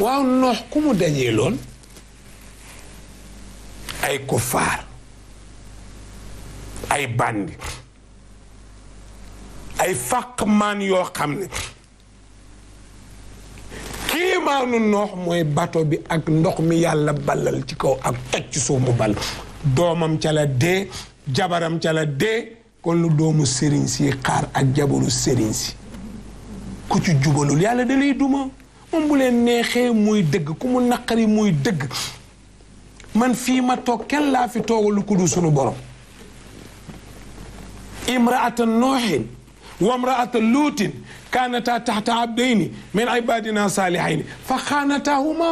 waaw noox ku mu dajee loon ay kuffaar ay bandi ay fàq maan yoo xam ne kiimaanu noox mooy bato bi ak ndox mi yàlla balal ci kaw ak toj ci mu bal doomam ca la dee jabaram ca la dee kon lu doomu sëriñ si xaar ak jabaru sëriñ si ku ci jubalul yàlla da duma moom bu leen neexee muy dëgg ku mu naqari muy dëgg man fii ma toog kenn laa fi toogalu ku du sunu borom imraata nooxin wa imraata luutin kaanataa taxta abdayni min ibadina saalihayni fa xaanataahuma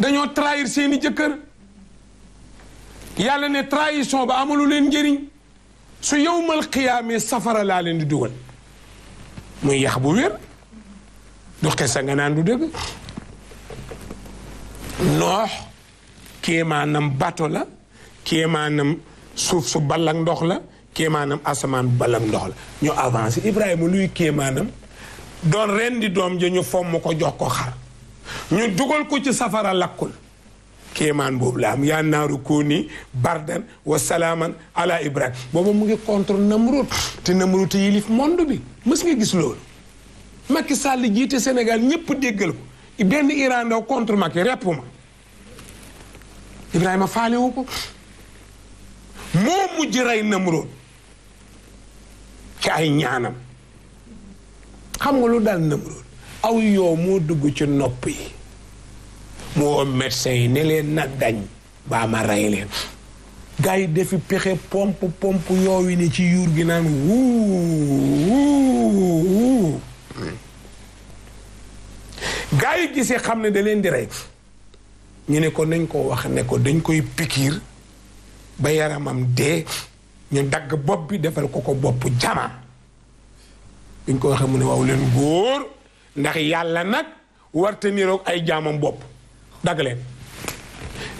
dañoo trahir seeni jëkkër yàlla ne trahison ba amalu leen njëriñ su yowmal qiyaamee safara laa leen di dugal muy yax bu wér du xesa nga naan du dëgg noox kéemaanam bato la kéemaanam suuf su balak ndox la kéemaanam asamaan bu balak ndox la ñu avancé Ibrahima luy kéemaanam doon ren di doom ja ñu fomm ko jox ko xar ñu dugal ko ci safara lakkul kéemaan boobu la am yaa naaru kooni bardan wa salaaman ala Ibrahima booba mu ngi contre Namrud te Namrud te yilif monde bi mës nga gis loolu Macky sàll jiite senegal ñëpp déggal ko benn Iran Ndao contre Macky repp ma Ibrahima faalewu ko moo mujj rey Namroon ci ay ñaanam xam nga lu dal Namroon aw yoo moo dugg ci nopp yi moo médecin yi ne leen na dañ baa ma rey leen gars defi pexe pomp pomp yoowi ne ci yuur gi naan wuu gaa yi gisee xam ne da leen di rey ñu ne ko nañ ko wax ne ko dañ koy pikiir ba yaramam dee ñu dagg bopp bi defal ko ko bopp jama dañ ko waxee mu ne waaw leen góor ndax yàlla nag warte niroog ay jaamam bopp dagg leen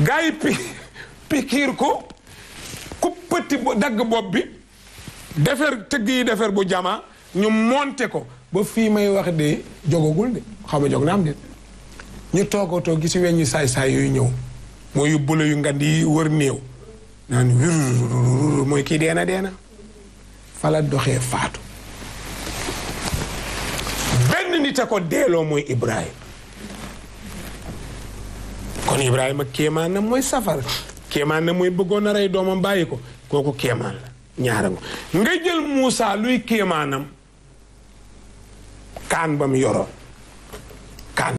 gaa yi pi pikiir ko kuppati dagg bopp bi defer tëgg yi defer bu jama ñu monte ko ba fii may wax de jogagul de xaw ma jog na am de ñu toogatoo gis weñ ñu saay-saay yooyu ñëw mooy yu bula yu ngand yi wër néew mooy kii deena deena fala doxee faatu benn nit a ko deeloo mooy Ibrahima kon Ibrahima kéemaan na mooy safar kéemaan mooy bëggoon a rey doomam bàyyi ko kooku kéemaan la ñaara nga jël Moussa luy kéemaanam kaan ba mu yoroon